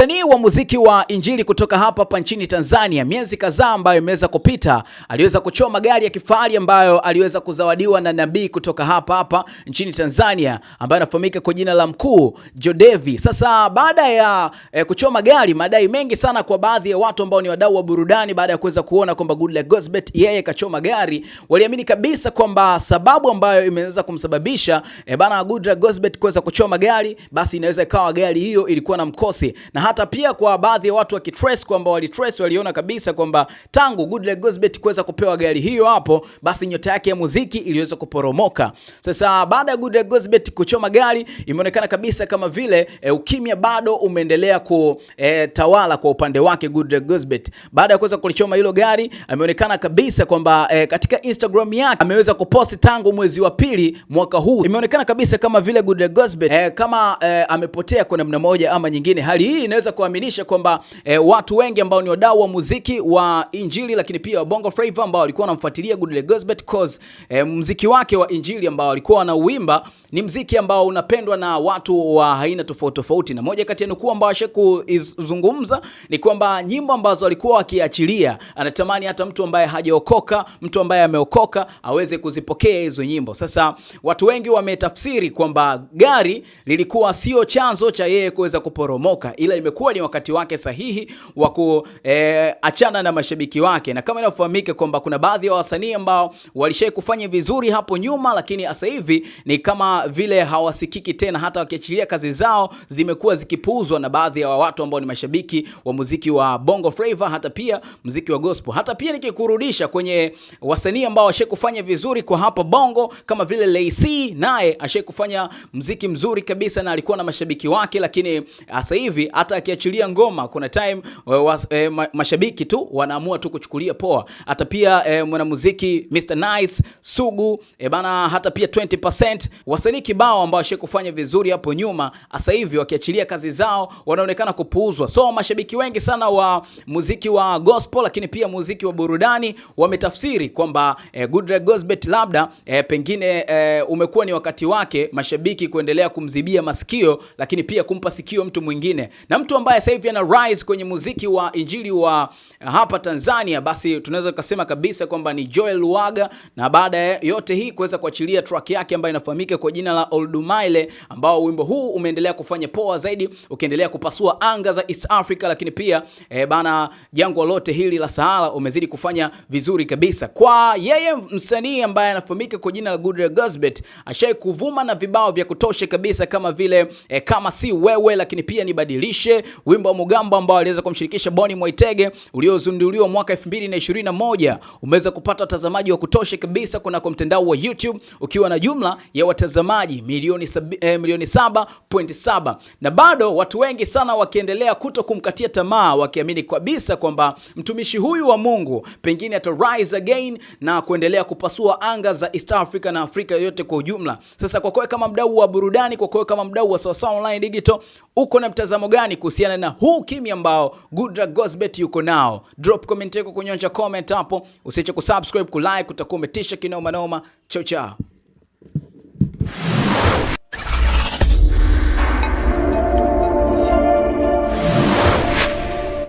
Msanii wa muziki wa injili kutoka hapa hapa nchini Tanzania, miezi kadhaa ambayo imeweza kupita, aliweza kuchoma gari ya kifahari ambayo aliweza kuzawadiwa na nabii kutoka hapa hapa nchini Tanzania ambaye anafahamika kwa jina la Mkuu Jodevi. Sasa baada ya eh, kuchoma gari, madai mengi sana kwa baadhi ya watu ambao ni wadau wa burudani, baada ya kuweza kuona kwamba Goodluck Gosbet yeye kachoma gari, waliamini kabisa kwamba sababu ambayo imeweza kumsababisha eh, bana Goodluck Gosbet kuweza kuchoma gari, basi inaweza ikawa gari hiyo ilikuwa na mkosi na hata pia kwa baadhi ya watu wakitrace kwamba walitrace waliona kabisa kwamba tangu Goodluck Gozbert kuweza kupewa gari hiyo hapo, basi nyota yake ya muziki iliweza kuporomoka. Sasa baada ya Goodluck Gozbert kuchoma gari, imeonekana kabisa kama vile e, ukimya bado umeendelea kutawala eh, e, kwa upande wake Goodluck Gozbert. Baada ya kuweza kulichoma hilo gari, ameonekana kabisa kwamba e, katika Instagram yake ameweza kuposti tangu mwezi wa pili mwaka huu, imeonekana kabisa kama vile Goodluck Gozbert e, kama e, amepotea kwa namna moja ama nyingine. Hali hii tumeweza kuaminisha kwamba e, watu wengi ambao ni wadau wa muziki wa injili lakini pia wa Bongo Flava ambao walikuwa wanamfuatilia Goodwill Gosbert cause e, eh, muziki wake wa injili ambao walikuwa wanauimba ni mziki ambao unapendwa na watu wa aina tofauti tofauti, na moja kati ya nukuu ambao ashe kuzungumza ni kwamba nyimbo ambazo walikuwa wakiachilia, anatamani hata mtu ambaye hajaokoka, mtu ambaye ameokoka aweze kuzipokea hizo nyimbo. Sasa watu wengi wametafsiri kwamba gari lilikuwa sio chanzo cha yeye kuweza kuporomoka ila ime ungekuwa ni wakati wake sahihi wa kuachana eh, e, na mashabiki wake, na kama inafahamika kwamba kuna baadhi ya wa wasanii ambao walishai kufanya vizuri hapo nyuma, lakini sasa hivi ni kama vile hawasikiki tena, hata wakiachilia kazi zao zimekuwa zikipuuzwa na baadhi ya wa watu ambao ni mashabiki wa muziki wa Bongo Flava, hata pia muziki wa gospel. Hata pia nikikurudisha kwenye wasanii ambao washai kufanya vizuri kwa hapa Bongo kama vile Lacey, naye ashai kufanya muziki mzuri kabisa na alikuwa na mashabiki wake, lakini sasa hivi hata akiachilia ngoma kuna time eh, was, eh, mashabiki tu wanaamua tu kuchukulia poa. Hata pia eh, mwanamuziki Mr Nice Sugu eh, bana, hata pia 20% wasanii kibao ambao kufanya vizuri hapo nyuma, sasa hivi wakiachilia kazi zao wanaonekana kupuuzwa. So mashabiki wengi sana wa muziki wa gospel, lakini pia muziki wa burudani wametafsiri kwamba eh, Gudre Gosbert labda eh, pengine eh, umekuwa ni wakati wake mashabiki kuendelea kumzibia masikio, lakini pia kumpa sikio mtu mwingine na mtu ambaye sasa hivi ana rise kwenye muziki wa injili wa eh, hapa Tanzania, basi tunaweza kusema kabisa kwamba ni Joel Lwaga, na baada ya yote hii kuweza kuachilia track yake ambayo inafahamika kwa jina la Mile, ambao wimbo huu umeendelea kufanya poa zaidi, ukiendelea kupasua anga za East Africa, lakini pia e, bana jangwa lote hili la Sahara umezidi kufanya vizuri kabisa. Kwa yeye msanii ambaye anafahamika kwa jina la Good Gosbet, ashai kuvuma na vibao vya kutosha kabisa kama vile e, kama si wewe, lakini pia nibadilishe Nionyeshe, wimbo wa mugambo ambao aliweza kumshirikisha boni Mwaitege uliozinduliwa mwaka 2021 umeweza kupata watazamaji wa kutosha kabisa kunako mtandao wa YouTube ukiwa na jumla ya watazamaji milioni eh, milioni 7.7 na bado watu wengi sana wakiendelea kuto kumkatia tamaa, wakiamini kabisa kwamba mtumishi huyu wa Mungu pengine ata rise again na kuendelea kupasua anga za East Africa na Afrika yote kwa ujumla. Sasa kwa kwa kama mdau wa burudani, kwa kwa kama mdau wa Sawasawa Online Digital, uko na mtazamo gani? kuhusiana na huu kimya ambao Goodluck Gozbert yuko nao. Drop comment yako kunyonja comment hapo, usiache kusubscribe, kulike, utakuwa umetisha kinoma noma. Chao chao.